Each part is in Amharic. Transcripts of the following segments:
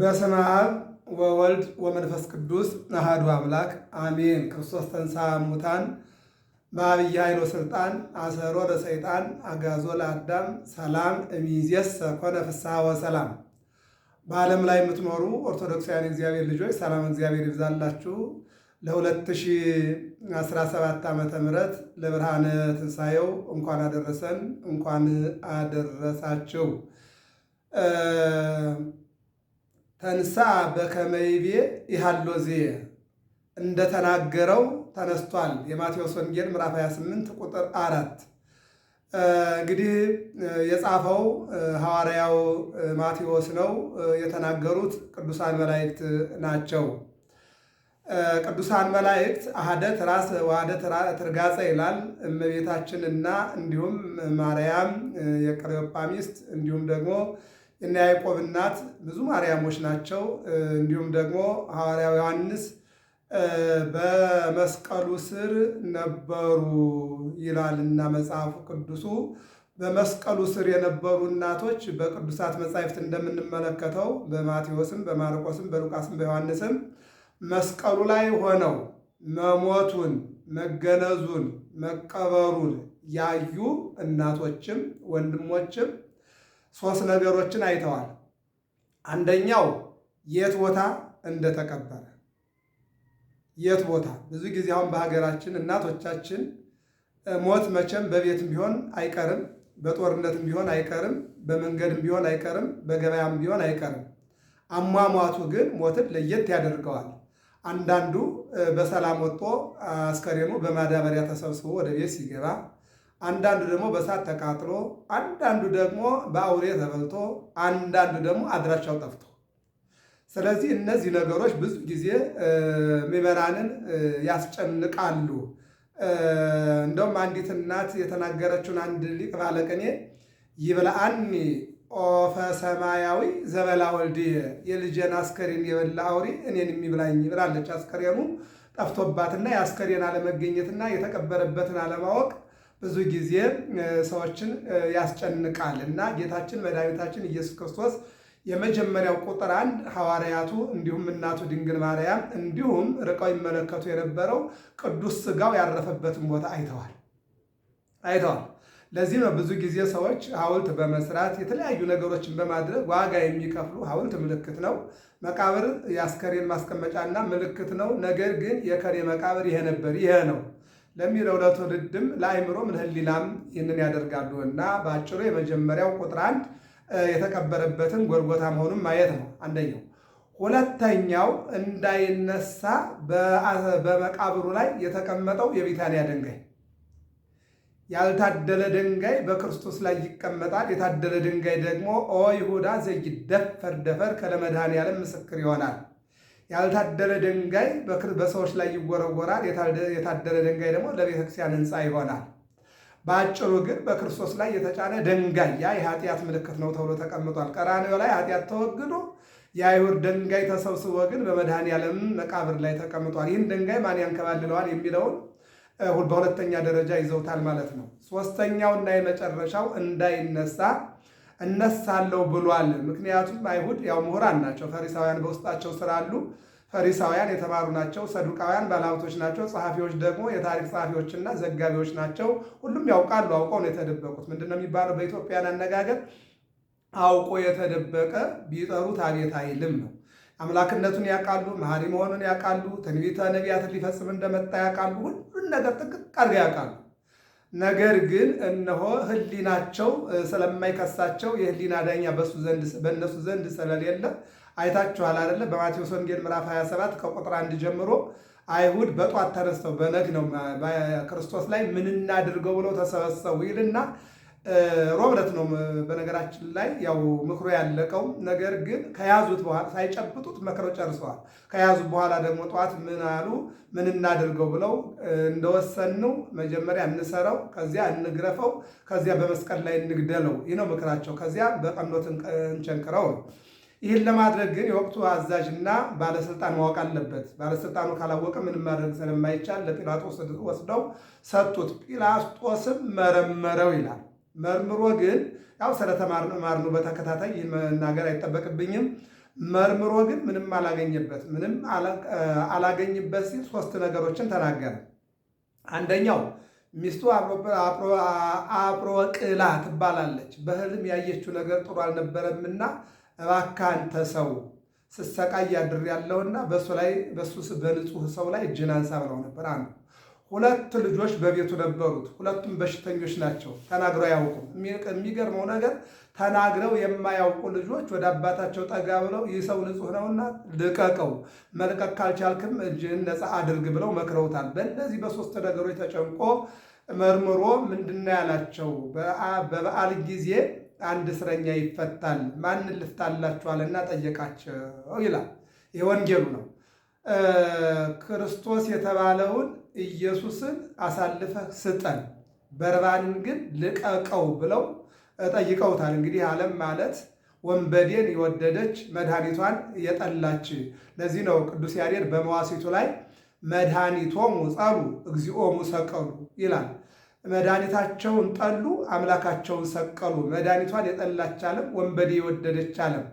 በስመ አብ ወወልድ ወመንፈስ ቅዱስ አሐዱ አምላክ አሜን። ክርስቶስ ተንሥአ እሙታን በዐቢይ ኃይል ወሥልጣን አሰሮ ለሰይጣን አግዓዞ ለአዳም ሰላም እምይእዜሰ ኮነ ፍስሐ ወሰላም። በዓለም ላይ የምትኖሩ ኦርቶዶክሳውያን እግዚአብሔር ልጆች ሰላም እግዚአብሔር ይብዛላችሁ። ለ2017 ዓ.ም ለብርሃነ ትንሣኤው እንኳን አደረሰን፣ እንኳን አደረሳችሁ። ተንሳ በከመይቤ ይሃሎዜ እንደተናገረው ተነስቷል። የማቴዎስ ወንጌል ምዕራፍ 28 ቁጥር አራት እንግዲህ የጻፈው ሐዋርያው ማቴዎስ ነው። የተናገሩት ቅዱሳን መላእክት ናቸው። ቅዱሳን መላእክት አህደት ራስ ዋህደት ትርጋጸ ይላል። እመቤታችንና እንዲሁም ማርያም የቀሪዮጳ ሚስት እንዲሁም ደግሞ እና ያዕቆብ እናት ብዙ ማርያሞች ናቸው። እንዲሁም ደግሞ ሐዋርያው ዮሐንስ በመስቀሉ ስር ነበሩ ይላልና መጽሐፍ ቅዱሱ። በመስቀሉ ስር የነበሩ እናቶች በቅዱሳት መጻሕፍት እንደምንመለከተው በማቴዎስም፣ በማርቆስም፣ በሉቃስም በዮሐንስም መስቀሉ ላይ ሆነው መሞቱን፣ መገነዙን፣ መቀበሩን ያዩ እናቶችም ወንድሞችም ሶስት ነገሮችን አይተዋል። አንደኛው የት ቦታ እንደተቀበረ፣ የት ቦታ ብዙ ጊዜ አሁን በሀገራችን እናቶቻችን ሞት መቼም በቤትም ቢሆን አይቀርም፣ በጦርነትም ቢሆን አይቀርም፣ በመንገድም ቢሆን አይቀርም፣ በገበያም ቢሆን አይቀርም። አሟሟቱ ግን ሞትን ለየት ያደርገዋል። አንዳንዱ በሰላም ወጥቶ አስከሬኑ በማዳበሪያ ተሰብስቦ ወደ ቤት ሲገባ አንዳንዱ ደግሞ በእሳት ተቃጥሎ፣ አንዳንዱ ደግሞ በአውሬ ተበልቶ፣ አንዳንዱ ደግሞ አድራሻው ጠፍቶ። ስለዚህ እነዚህ ነገሮች ብዙ ጊዜ ምዕመናንን ያስጨንቃሉ። እንደውም አንዲት እናት የተናገረችውን አንድ ሊቅ ባለቅኔ ይብላአኒ ኦፈ ሰማያዊ ዘበላ ወልድየ የልጄን አስከሬን የበላ አውሬ እኔን የሚብላኝ ብላለች። አስከሬኑ ጠፍቶባትና የአስከሬን አለመገኘትና የተቀበረበትን አለማወቅ ብዙ ጊዜ ሰዎችን ያስጨንቃል እና ጌታችን መድኃኒታችን ኢየሱስ ክርስቶስ የመጀመሪያው ቁጥር አንድ ሐዋርያቱ እንዲሁም እናቱ ድንግል ማርያም እንዲሁም ርቀው ይመለከቱ የነበረው ቅዱስ ስጋው ያረፈበትን ቦታ አይተዋል አይተዋል። ለዚህ ነው ብዙ ጊዜ ሰዎች ሐውልት በመስራት የተለያዩ ነገሮችን በማድረግ ዋጋ የሚከፍሉ። ሐውልት ምልክት ነው። መቃብር የአስከሬን ማስቀመጫና ምልክት ነው። ነገር ግን የከሬ መቃብር ይሄ ነበር፣ ይሄ ነው ለሚለው ለትውልድም ለአእምሮም ለሕሊናም ይህንን ያደርጋሉ እና በአጭሩ የመጀመሪያው ቁጥር አንድ የተቀበረበትን ጎልጎታ መሆኑን ማየት ነው አንደኛው። ሁለተኛው እንዳይነሳ በመቃብሩ ላይ የተቀመጠው የቢታንያ ድንጋይ ያልታደለ ድንጋይ በክርስቶስ ላይ ይቀመጣል። የታደለ ድንጋይ ደግሞ ኦ ይሁዳ ዘይደፈር ደፈር ከለመድኃኔ ዓለም ምስክር ይሆናል። ያልታደለ ድንጋይ በሰዎች ላይ ይወረወራል፣ የታደለ ድንጋይ ደግሞ ለቤተክርስቲያን ሕንፃ ይሆናል። በአጭሩ ግን በክርስቶስ ላይ የተጫነ ድንጋይ ያ የኃጢአት ምልክት ነው ተብሎ ተቀምጧል። ቀራንዮ ላይ ኃጢአት ተወግዶ የአይሁድ ድንጋይ ተሰብስቦ ግን በመድኃኔ ዓለም መቃብር ላይ ተቀምጧል። ይህን ድንጋይ ማን ያንከባልለዋል የሚለውን በሁለተኛ ደረጃ ይዘውታል ማለት ነው። ሶስተኛውና የመጨረሻው እንዳይነሳ እነሳለሁ ብሏል። ምክንያቱም አይሁድ ያው ምሁራን ናቸው፣ ፈሪሳውያን በውስጣቸው ስላሉ ፈሪሳውያን የተማሩ ናቸው። ሰዱቃውያን ባለሀብቶች ናቸው። ጸሐፊዎች ደግሞ የታሪክ ጸሐፊዎችና ዘጋቢዎች ናቸው። ሁሉም ያውቃሉ። አውቀው ነው የተደበቁት። ምንድን ነው የሚባለው በኢትዮጵያን አነጋገር አውቆ የተደበቀ ቢጠሩት አቤት አይልም ነው። አምላክነቱን ያውቃሉ፣ መሐሪ መሆኑን ያውቃሉ፣ ትንቢተ ነቢያትን ሊፈጽም እንደመጣ ያውቃሉ። ሁሉን ነገር ጥንቅቅ አድርገው ያውቃሉ። ነገር ግን እነሆ ህሊናቸው ስለማይከሳቸው የህሊና ዳኛ ዘንድ በእነሱ ዘንድ ስለሌለ አይታችኋል አይደለ? በማቴዎስ ወንጌል ምዕራፍ 27 ከቁጥር አንድ ጀምሮ አይሁድ በጧት ተነስተው በነግ ነው በክርስቶስ ላይ ምን እናድርገው ብለው ተሰበሰቡ ይልና ሮብለት ነው። በነገራችን ላይ ያው ምክሮ ያለቀው ነገር ግን ከያዙት በኋላ ሳይጨብጡት መክረው ጨርሰዋል። ከያዙት በኋላ ደግሞ ጠዋት ምን አሉ? ምን እናድርገው ብለው እንደወሰንነው መጀመሪያ እንሰረው፣ ከዚያ እንግረፈው፣ ከዚያ በመስቀል ላይ እንግደለው። ይህ ነው ምክራቸው። ከዚያ በቀኖት እንቸንክረው ነው። ይህን ለማድረግ ግን የወቅቱ አዛዥና ባለስልጣን ማወቅ አለበት። ባለስልጣኑ ካላወቀ ምንም ማድረግ ስለማይቻል ለጲላጦስ ወስደው ሰጡት። ጲላጦስም መረመረው ይላል መርምሮ ግን ያው ስለተማርነው በተከታታይ ይህን መናገር አይጠበቅብኝም። መርምሮ ግን ምንም አላገኘበት ምንም አላገኝበት ሲል ሶስት ነገሮችን ተናገረ። አንደኛው ሚስቱ አጵሮቅላ ትባላለች። በህልም ያየችው ነገር ጥሩ አልነበረምና እባክህ አንተ ሰው ስሰቃይ አድሬያለሁና በሱ ላይ በሱ በንጹህ ሰው ላይ እጅን አንሳ ብለው ነበር አንዱ ሁለት ልጆች በቤቱ ነበሩት። ሁለቱም በሽተኞች ናቸው። ተናግረው አያውቁም። የሚገርመው ነገር ተናግረው የማያውቁ ልጆች ወደ አባታቸው ጠጋ ብለው ይህ ሰው ንጹሕ ነውና ልቀቀው፣ መልቀቅ ካልቻልክም እጅህን ነፃ አድርግ ብለው መክረውታል። በእነዚህ በሶስት ነገሮች ተጨንቆ መርምሮ ምንድና ያላቸው በበዓል ጊዜ አንድ እስረኛ ይፈታል፣ ማን ልፍታላችኋልና ጠየቃቸው ይላል። ይህ ወንጌሉ ነው። ክርስቶስ የተባለውን ኢየሱስን አሳልፈህ ስጠን በርባንን ግን ልቀቀው ብለው ጠይቀውታል። እንግዲህ ዓለም ማለት ወንበዴን የወደደች መድኃኒቷን የጠላች። ለዚህ ነው ቅዱስ ያሬድ በመዋሲቱ ላይ መድኃኒቶሙ ጸሉ እግዚኦሙ ሰቀሉ ይላል። መድኃኒታቸውን ጠሉ፣ አምላካቸውን ሰቀሉ። መድኃኒቷን የጠላች ዓለም፣ ወንበዴ የወደደች ዓለም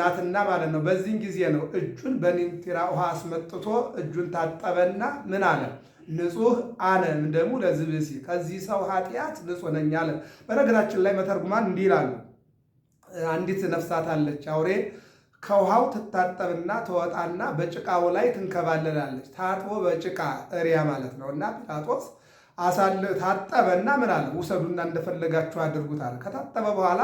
ናትና ማለት ነው። በዚህን ጊዜ ነው እጁን በኒንቲራ ውሃ አስመጥቶ እጁን ታጠበና ምን አለ? ንጹህ አነ እምደሙ ለዝብሲ፣ ከዚህ ሰው ኃጢአት ንጹህ ነኝ አለ። በነገራችን ላይ መተርጉማን እንዲህ ይላሉ። አንዲት ነፍሳት አለች አውሬ ከውሃው ትታጠብና ትወጣና በጭቃው ላይ ትንከባለላለች። ታጥቦ በጭቃ እሪያ ማለት ነው እና ጲላጦስ ታጠበና ምን አለ ውሰዱና እንደፈለጋችሁ አድርጉት አለ። ከታጠበ በኋላ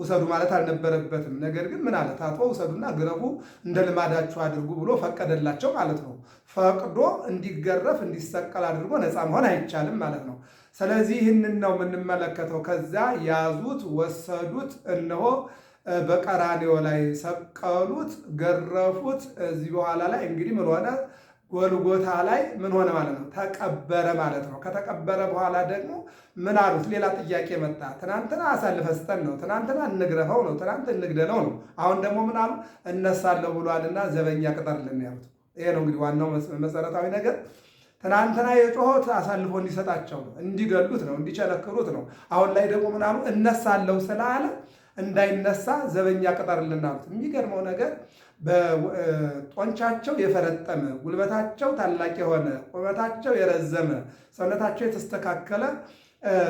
ውሰዱ ማለት አልነበረበትም። ነገር ግን ምን አለ ታጥቦ ውሰዱና ግረፉ፣ እንደ ልማዳችሁ አድርጉ ብሎ ፈቀደላቸው ማለት ነው። ፈቅዶ እንዲገረፍ እንዲሰቀል አድርጎ ነፃ መሆን አይቻልም ማለት ነው። ስለዚህ ይህንን ነው የምንመለከተው። ከዛ ያዙት፣ ወሰዱት፣ እነሆ በቀራኔው ላይ ሰቀሉት፣ ገረፉት። እዚህ በኋላ ላይ እንግዲህ ምን ሆነ? ጎልጎታ ላይ ምን ሆነ ማለት ነው? ተቀበረ ማለት ነው። ከተቀበረ በኋላ ደግሞ ምን አሉት? ሌላ ጥያቄ መጣ። ትናንትና አሳልፈ ስጠን ነው፣ ትናንትና እንግረፈው ነው፣ ትናንት እንግደለው ነው። አሁን ደግሞ ምን አሉ? እነሳለሁ ብሏልና ዘበኛ ቅጠርልን ያሉት። ይሄ ነው እንግዲህ ዋናው መሰረታዊ ነገር። ትናንትና የጮኸት አሳልፎ እንዲሰጣቸው ነው፣ እንዲገሉት ነው፣ እንዲቸነክሩት ነው። አሁን ላይ ደግሞ ምን አሉ? እነሳለሁ ስላለ እንዳይነሳ ዘበኛ ቅጠርልን አሉት። የሚገርመው ነገር በጦንቻቸው የፈረጠመ ጉልበታቸው ታላቅ የሆነ ቁመታቸው የረዘመ ሰውነታቸው የተስተካከለ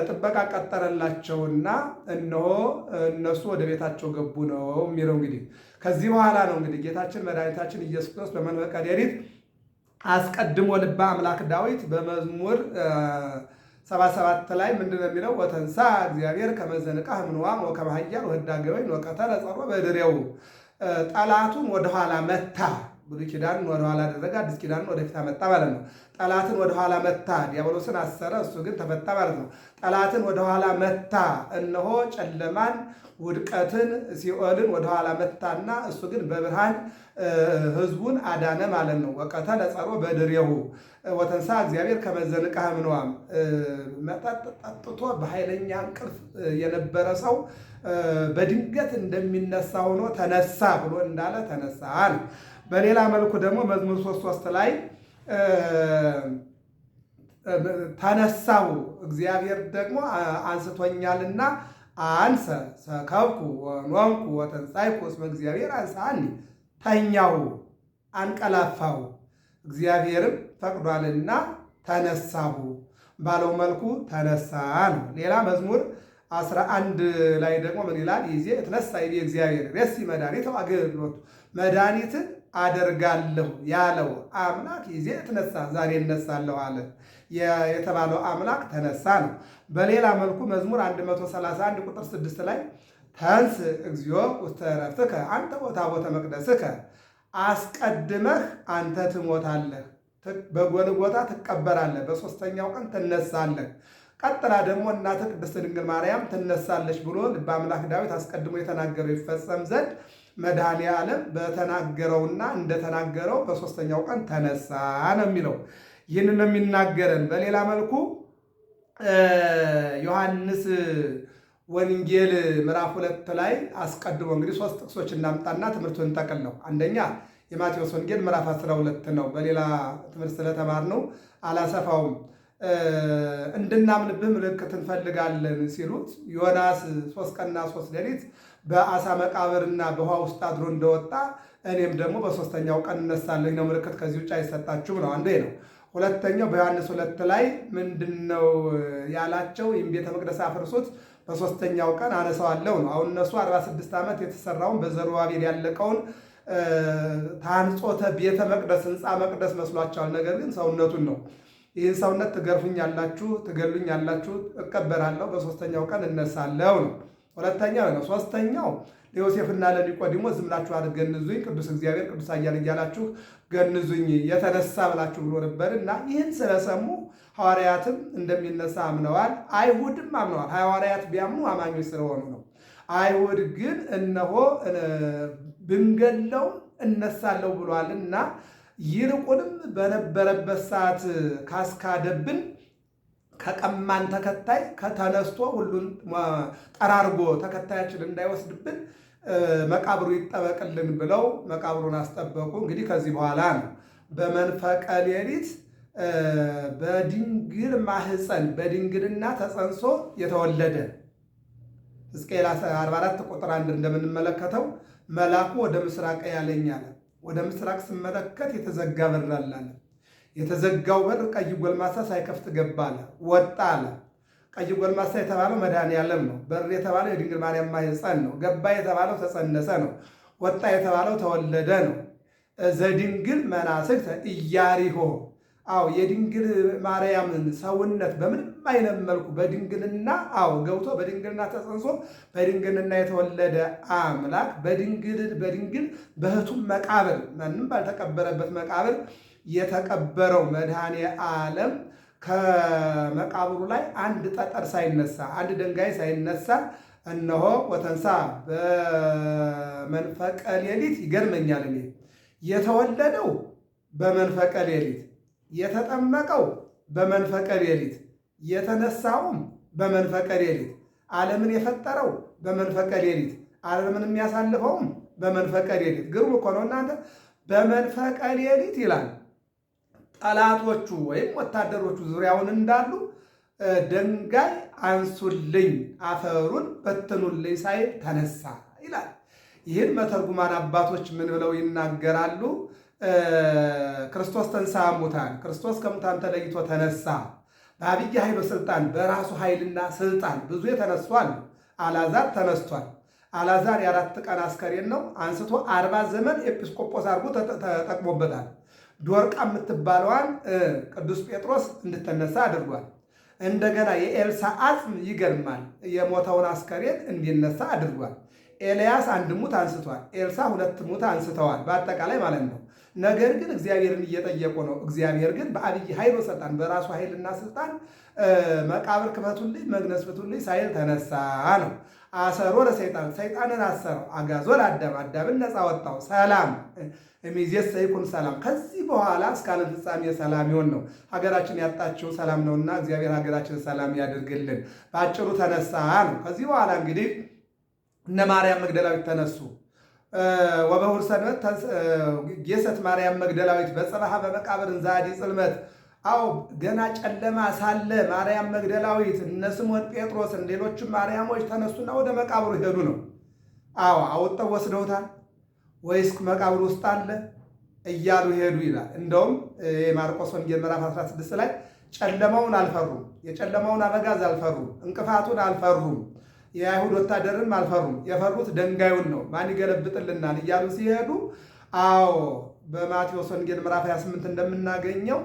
ጥበቃ ቀጠረላቸውና እነሆ እነሱ ወደ ቤታቸው ገቡ ነው የሚለው። እንግዲህ ከዚህ በኋላ ነው እንግዲህ ጌታችን መድኃኒታችን ኢየሱስ ክርስቶስ በመንፈቀ ሌሊት አስቀድሞ ልበ አምላክ ዳዊት በመዝሙር ሰባ ሰባት ላይ ምንድን ነው የሚለው? ወተንሳ እግዚአብሔር ከመዘንቃ ህምንዋ ወከመ ኃያል ወህዳገ ወይን ወቀተለ ጸሮ በድሬው ጠላቱን ወደኋላ መታ። ብሉይ ኪዳንን ወደኋላ አደረገ፣ አዲስ ኪዳንን ወደፊት አመጣ ማለት ነው። ጠላትን ወደኋላ መታ፣ ዲያብሎስን አሰረ፣ እሱ ግን ተፈታ ማለት ነው። ጠላትን ወደኋላ መታ፣ እነሆ ጨለማን፣ ውድቀትን፣ ሲኦልን ወደኋላ መታና እሱ ግን በብርሃን ህዝቡን አዳነ ማለት ነው። ወቀተለ ጸሮ በድሬሁ ወተንሳ እግዚአብሔር ከመዘንቀ ምንዋም መጠጥ ጠጥቶ በኃይለኛ እንቅልፍ የነበረ ሰው በድንገት እንደሚነሳ ሆኖ ተነሳ ብሎ እንዳለ ተነሳ አለ። በሌላ መልኩ ደግሞ መዝሙር ሶስት ሶስት ላይ ተነሳው እግዚአብሔር ደግሞ አንስቶኛልና አንሰ ሰከብኩ ወኖምኩ ወተንሳይኩ እስመ እግዚአብሔር አንሳኒ ተኛው አንቀላፋው እግዚአብሔርም ፈቅዷልና ተነሳሁ ባለው መልኩ ተነሳ ነው። ሌላ መዝሙር አስራ አንድ ላይ ደግሞ ምን ይላል? ይዜ እትነሳ ይቤ እግዚአብሔር ሬሲ መድኃኒት አገልግሎቱ መድኃኒትን አደርጋለሁ ያለው አምላክ ይዜ እትነሳ ዛሬ እነሳለሁ አለ። የተባለው አምላክ ተነሳ ነው። በሌላ መልኩ መዝሙር 131 ቁጥር 6 ላይ ተንስ እግዚኦ ውስተ ዕረፍትከ አንተ ቦታ ቦተ መቅደስከ አስቀድመህ አንተ ትሞታለህ፣ በጎልጎታ ትቀበራለህ፣ በሶስተኛው ቀን ትነሳለህ ቀጥላ ደግሞ እናተ ቅድስት ድንግል ማርያም ትነሳለች ብሎ ልበ አምላክ ዳዊት አስቀድሞ የተናገረው ይፈጸም ዘንድ መድኃኔ ዓለም በተናገረውና እንደተናገረው በሶስተኛው ቀን ተነሳ ነው የሚለው። ይህን ነው የሚናገረን። በሌላ መልኩ ዮሐንስ ወንጌል ምዕራፍ ሁለት ላይ አስቀድሞ እንግዲህ ሶስት ጥቅሶች እናምጣና ትምህርቱን እንጠቅል ነው። አንደኛ የማቴዎስ ወንጌል ምዕራፍ 12 ነው። በሌላ ትምህርት ስለተማር ነው አላሰፋውም። እንድናምንብህ ምልክት እንፈልጋለን ሲሉት ዮናስ ሶስት ቀንና ሶስት ሌሊት በአሳ መቃብርና በውሃ ውስጥ አድሮ እንደወጣ እኔም ደግሞ በሶስተኛው ቀን እነሳለኝ ነው። ምልክት ከዚህ ውጭ አይሰጣችሁም ነው። አንዴ ነው። ሁለተኛው በዮሐንስ ሁለት ላይ ምንድን ነው ያላቸው? ይህም ቤተ መቅደስ አፍርሱት በሶስተኛው ቀን አነሳዋለሁ ነው። አሁን እነሱ 46 ዓመት የተሰራውን በዘሩባቤል ያለቀውን ታንጾተ ቤተ መቅደስ ህንፃ መቅደስ መስሏቸዋል። ነገር ግን ሰውነቱን ነው ይህን ሰውነት ትገርፉኝ ትገሉኛላችሁ፣ ትገሉኝ ያላችሁ በሶስተኛው ቀን እነሳለሁ ነው። ሁለተኛው ነው። ሶስተኛው ለዮሴፍና ለኒቆዲሞስ ዝም ብላችሁ አትገንዙኝ፣ ቅዱስ እግዚአብሔር ቅዱስ አያል እያላችሁ ገንዙኝ የተነሳ ብላችሁ ብሎ ነበር እና ይህን ስለሰሙ ሐዋርያትም እንደሚነሳ አምነዋል፣ አይሁድም አምነዋል። ሐዋርያት ቢያምኑ አማኞች ስለሆኑ ነው። አይሁድ ግን እነሆ ብንገለው እነሳለሁ ብሏል እና ይልቁንም በነበረበት ሰዓት ካስካደብን ከቀማን ተከታይ ከተነስቶ ሁሉን ጠራርጎ ተከታያችን እንዳይወስድብን መቃብሩ ይጠበቅልን ብለው መቃብሩን አስጠበቁ። እንግዲህ ከዚህ በኋላ ነው በመንፈቀ ሌሊት በድንግል ማህፀን በድንግልና ተጸንሶ የተወለደ ሕዝቅኤል 44 ቁጥር አንድ እንደምንመለከተው መላኩ ወደ ምስራቅ ያለኛል ወደ ምስራቅ ስመለከት የተዘጋ በር አለ አለ። የተዘጋው በር ቀይ ጎልማሳ ሳይከፍት ገባ አለ፣ ወጣ አለ። ቀይ ጎልማሳ የተባለው መድኃኔዓለም ነው። በር የተባለው የድንግል ማርያም ማኅፀን ነው። ገባ የተባለው ተጸነሰ ነው። ወጣ የተባለው ተወለደ ነው። ዘድንግል መናስግተ ኢያሪሆ አዎ የድንግል ማርያምን ሰውነት በምንም አይነት መልኩ በድንግልና አዎ ገብቶ በድንግልና ተጸንሶ በድንግልና የተወለደ አምላክ በድንግል በድንግል በህቱም መቃብር ማንም ባልተቀበረበት መቃብር የተቀበረው መድኃኔ ዓለም ከመቃብሩ ላይ አንድ ጠጠር ሳይነሳ አንድ ድንጋይ ሳይነሳ እነሆ ወተንሳ በመንፈቀ ሌሊት ይገርመኛል እኔ የተወለደው በመንፈቀ ሌሊት የተጠመቀው በመንፈቀ ሌሊት የተነሳውም በመንፈቀ ሌሊት ዓለምን የፈጠረው በመንፈቀ ሌሊት ዓለምን የሚያሳልፈውም በመንፈቀ ሌሊት ግሩም እኮ ነው እናንተ። በመንፈቀ ሌሊት ይላል ጠላቶቹ ወይም ወታደሮቹ ዙሪያውን እንዳሉ ድንጋይ አንሱልኝ፣ አፈሩን በትኑልኝ ሳይል ተነሳ ይላል። ይህን መተርጉማን አባቶች ምን ብለው ይናገራሉ? ክርስቶስ ተንሥአ እሙታን ክርስቶስ ከሙታን ተለይቶ ተነሳ። በአብይ ኃይል ስልጣን በራሱ ኃይልና ስልጣን ብዙ ተነስቷል። አላዛር ተነስቷል። አላዛር የአራት ቀን አስከሬን ነው። አንስቶ አርባ ዘመን ኤጲስቆጶስ አድርጎ ተጠቅሞበታል። ዶርቃ የምትባለዋን ቅዱስ ጴጥሮስ እንድትነሳ አድርጓል። እንደገና የኤልሳ አጽም ይገርማል። የሞተውን አስከሬን እንዲነሳ አድርጓል። ኤልያስ አንድ ሙት አንስቷል። ኤልሳ ሁለት ሙት አንስተዋል። በአጠቃላይ ማለት ነው ነገር ግን እግዚአብሔርን እየጠየቁ ነው። እግዚአብሔር ግን በአብይ ኃይል ወሰልጣን በራሱ ኃይልና ስልጣን መቃብር ክፈቱልኝ፣ መግነዝ ፍቱልኝ ሳይል ተነሳ ነው። አሰሮ ለሰይጣን ሰይጣንን አሰረው፣ አጋዞ ለአዳም አዳምን ነፃ ወጣው። ሰላም ሚዜስ ሰይኩን ሰላም። ከዚህ በኋላ እስከ ዓለም ፍጻሜ ሰላም ይሆን ነው። ሀገራችን ያጣችው ሰላም ነውና እግዚአብሔር ሀገራችን ሰላም ያድርግልን። በአጭሩ ተነሳ ነው። ከዚህ በኋላ እንግዲህ እነ ማርያም መግደላዊት ተነሱ። ወበሁር ሰንበት ጌሰት ማርያም መግደላዊት በጽባሃ በመቃብር ዛዲ ጽልመት አው ገና ጨለማ ሳለ ማርያም መግደላዊት እነ ስምዖን ጴጥሮስ ሌሎችም ማርያሞች ተነሱና ወደ መቃብሩ ሄዱ ነው። አዎ አውጥተው ወስደውታል ወይስ መቃብሩ ውስጥ አለ እያሉ ሄዱ ይላል። እንደውም የማርቆስ ወንጌል ምዕራፍ 16 ላይ ጨለማውን አልፈሩም፣ የጨለማውን አበጋዝ አልፈሩም፣ እንቅፋቱን አልፈሩም የአይሁድ ወታደርም አልፈሩም። የፈሩት ደንጋዩን ነው፣ ማን ይገለብጥልናል እያሉ ሲሄዱ፣ አዎ በማቴዎስ ወንጌል ምዕራፍ 28 እንደምናገኘው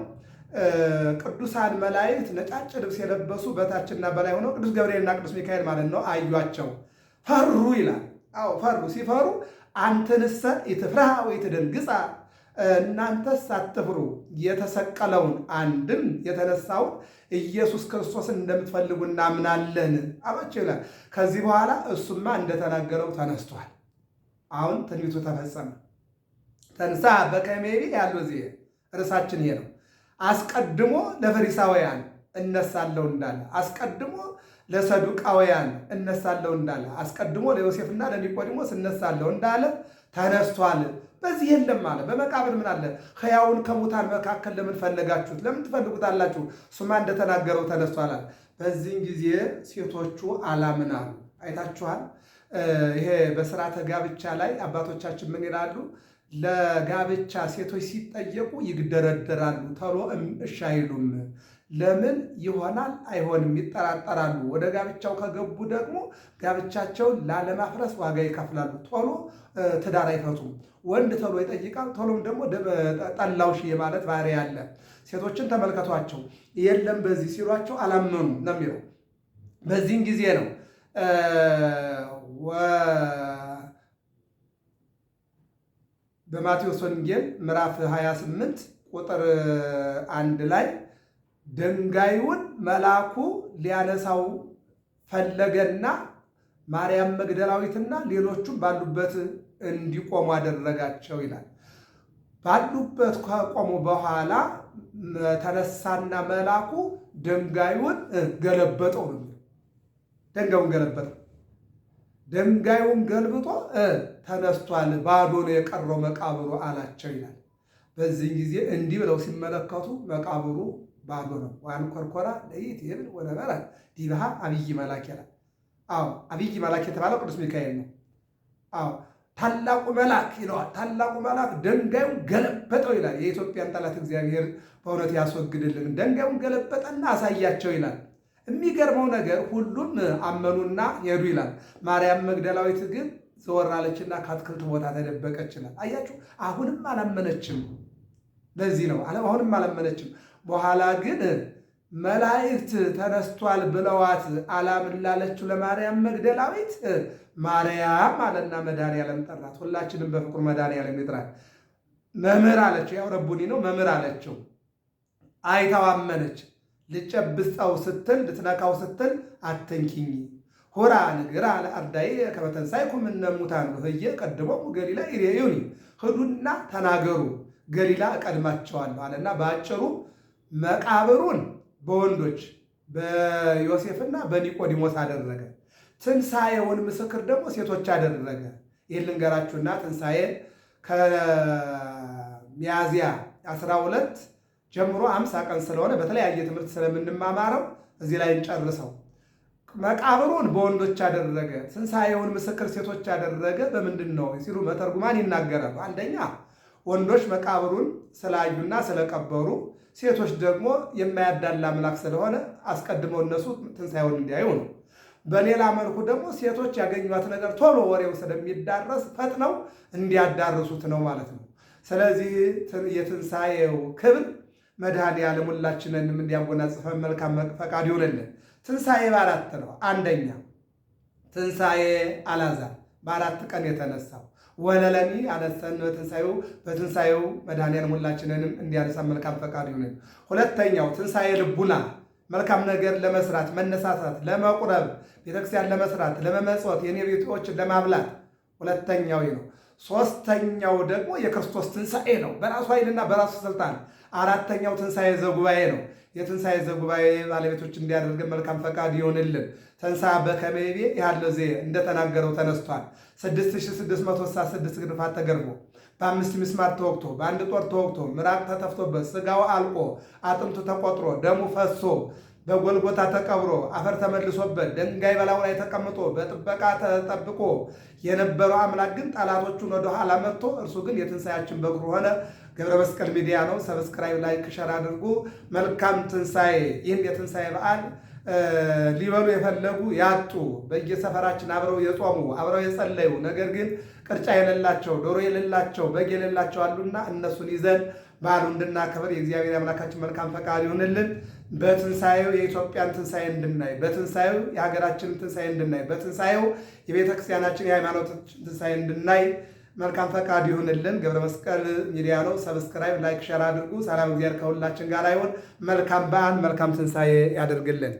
ቅዱሳን መላእክት ነጫጭ ልብስ የለበሱ በታችና በላይ ሆነው ቅዱስ ገብርኤልና ቅዱስ ሚካኤል ማለት ነው አዩቸው፣ ፈሩ ይላል። አዎ ፈሩ። ሲፈሩ አንትንሰ ኢትፍራ ወኢትደንግጻ እናንተስ አትፍሩ፣ የተሰቀለውን አንድም የተነሳውን ኢየሱስ ክርስቶስን እንደምትፈልጉ እናምናለን አላቸው ይላል። ከዚህ በኋላ እሱማ እንደተናገረው ተነስቷል። አሁን ትንቢቱ ተፈጸመ። ተንሳ በከሜቢ ያለው ዚ ርዕሳችን ይሄ ነው። አስቀድሞ ለፈሪሳውያን እነሳለው እንዳለ፣ አስቀድሞ ለሰዱቃውያን እነሳለው እንዳለ፣ አስቀድሞ ለዮሴፍና ለኒቆዲሞስ እነሳለው እንዳለ ተነስቷል። በዚህ የለም አለ። በመቃብር ምን አለ? ሕያውን ከሙታን መካከል ለምን ፈለጋችሁት? ለምን ትፈልጉታላችሁ? እሱማ እንደተናገረው ተነስቷል አለ። በዚህን ጊዜ ሴቶቹ አላምን አሉ። አይታችኋል። ይሄ በስርዓተ ጋብቻ ላይ አባቶቻችን ምን ይላሉ? ለጋብቻ ሴቶች ሲጠየቁ ይግደረደራሉ፣ ተሎ እሺ አይሉም። ለምን ይሆናል አይሆንም ይጠራጠራሉ። ወደ ጋብቻው ከገቡ ደግሞ ጋብቻቸውን ላለማፍረስ ዋጋ ይከፍላሉ። ቶሎ ትዳር አይፈቱም። ወንድ ቶሎ ይጠይቃል፣ ቶሎም ደግሞ ጠላው ሺ የማለት ባህሪ አለ። ሴቶችን ተመልከቷቸው። የለም በዚህ ሲሏቸው አላመኑ ነው የሚለው። ጊዜ ነው በማቴዎስ ወንጌል ምዕራፍ 28 ቁጥር አንድ ላይ ድንጋዩን መልአኩ ሊያነሳው ፈለገና ማርያም መግደላዊትና ሌሎቹም ባሉበት እንዲቆሙ አደረጋቸው ይላል። ባሉበት ከቆሙ በኋላ ተነሳና መልአኩ ድንጋዩን ገለበጠው ነው። ድንጋዩን ገለበጠው። ድንጋዩን ገልብጦ ተነስቷል፣ ባዶ ነው የቀረው መቃብሩ አላቸው ይላል። በዚህ ጊዜ እንዲህ ብለው ሲመለከቱ መቃብሩ ባዶ ነው። ዋን ኮርኮራ ለይት ይብል ወነበረ ዲባሃ አብይ መላክ ይላል። አዎ አብይ መላክ የተባለው ቅዱስ ሚካኤል ነው። አዎ ታላቁ መልአክ ይለዋል። ታላቁ መልአክ ደንጋዩን ገለበጠው ይላል። የኢትዮጵያን ጠላት እግዚአብሔር በእውነት ያስወግድልን። ደንጋዩን ገለበጠና አሳያቸው ይላል። የሚገርመው ነገር ሁሉም አመኑና ሄዱ ይላል። ማርያም መግደላዊት ግን ዘወር አለችና ከአትክልት ቦታ ተደበቀች ይላል። አያችሁ፣ አሁንም አላመነችም። ለዚህ ነው አሁንም አላመነችም። በኋላ ግን መላእክት ተነስቷል ብለዋት አላምን ላለችው ለማርያም መግደላዊት ማርያም አለና መድኃኒዓለም ጠራት። ሁላችንም በፍቅሩ መድኃኒዓለም ይጥራል። መምህር አለችው፣ ያው ረቡኒ ነው መምህር አለችው። አይተዋመነች ልጨብጠው ስትል ልትነካው ስትል አተንኪኝ ሁራ ንግር አለ አርዳይ ከመተንሳይኩም እነ ሙታን በህየ ቀድሞሙ ገሊላ ይሬዩኒ፣ ህዱና ተናገሩ ገሊላ እቀድማቸዋለሁ አለና በአጭሩ መቃብሩን በወንዶች በዮሴፍና በኒቆዲሞስ አደረገ። ትንሣኤውን ምስክር ደግሞ ሴቶች አደረገ። ይህን ልንገራችሁና ትንሣኤ ከሚያዝያ 12 ጀምሮ አምሳ ቀን ስለሆነ በተለያየ ትምህርት ስለምንማማረው እዚህ ላይ እንጨርሰው። መቃብሩን በወንዶች አደረገ፣ ትንሣኤውን ምስክር ሴቶች አደረገ። በምንድን ነው ሲሉ መተርጉማን ይናገራሉ። አንደኛ ወንዶች መቃብሩን ስላዩና ስለቀበሩ፣ ሴቶች ደግሞ የማያዳላ አምላክ ስለሆነ አስቀድመው እነሱ ትንሣኤውን እንዲያዩ ነው። በሌላ መልኩ ደግሞ ሴቶች ያገኟት ነገር ቶሎ ወሬው ስለሚዳረስ ፈጥነው እንዲያዳርሱት ነው ማለት ነው። ስለዚህ የትንሣኤው ክብር መድኃኔዓለም ሁላችንንም እንዲያጎናጽፈን መልካም ፈቃድ ይሁንልን። ትንሣኤ በአራት ነው። አንደኛ ትንሣኤ አልዓዛር በአራት ቀን የተነሳው ወለለኒ አነሰን በትንሣኤው በትንሣኤው መድኃኒያን ሁላችንንም እንዲያነሳ መልካም ፈቃድ ይሁንን። ሁለተኛው ትንሣኤ ልቡና መልካም ነገር ለመስራት መነሳሳት፣ ለመቁረብ፣ ቤተክርስቲያን ለመስራት፣ ለመመጽወት፣ የኔ ለማብላት ሁለተኛው ነው። ሶስተኛው ደግሞ የክርስቶስ ትንሣኤ ነው፣ በራሱ ኃይልና በራሱ ስልጣን። አራተኛው ትንሣኤ ዘጉባኤ ነው። የትንሣኤ ዘጉባኤ ባለቤቶች እንዲያደርገን መልካም ፈቃድ ይሆንልን። ተንሳ በከመይቤ ያለው ዘ እንደተናገረው ተነስቷል። 6666 ግድፋት ተገርፎ በአምስት ሚስማር ተወቅቶ በአንድ ጦር ተወቅቶ ምራቅ ተተፍቶበት ስጋው አልቆ አጥንቱ ተቆጥሮ ደሙ ፈሶ በጎልጎታ ተቀብሮ አፈር ተመልሶበት ድንጋይ በላዩ ላይ ተቀምጦ በጥበቃ ተጠብቆ የነበረው አምላክ ግን ጠላቶቹን ወደኋላ መጥቶ እርሱ ግን የትንሣኤያችን በግሩ ሆነ። ገብረ መስቀል ሚዲያ ነው። ሰብስክራይብ፣ ላይክ፣ ሸር አድርጉ። መልካም ትንሣኤ። ይህን የትንሣኤ በዓል ሊበሉ የፈለጉ ያጡ በየሰፈራችን አብረው የጾሙ አብረው የጸለዩ ነገር ግን ቅርጫ የሌላቸው ዶሮ የሌላቸው በግ የሌላቸው አሉና እነሱን ይዘን በዓሉ እንድናከብር የእግዚአብሔር አምላካችን መልካም ፈቃድ ይሆንልን። በትንሣኤው የኢትዮጵያን ትንሣኤ እንድናይ፣ በትንሣኤው የሀገራችንን ትንሣኤ እንድናይ፣ በትንሣኤው የቤተ ክርስቲያናችን የሃይማኖታችን ትንሣኤ እንድናይ መልካም ፈቃድ ይሁንልን። ገብረ መስቀል ሚዲያ ነው። ሰብስክራይብ፣ ላይክ፣ ሸር አድርጉ። ሰላም እግዚአብሔር ከሁላችን ጋር አይሆን። መልካም በዓል መልካም ትንሣኤ ያደርግልን።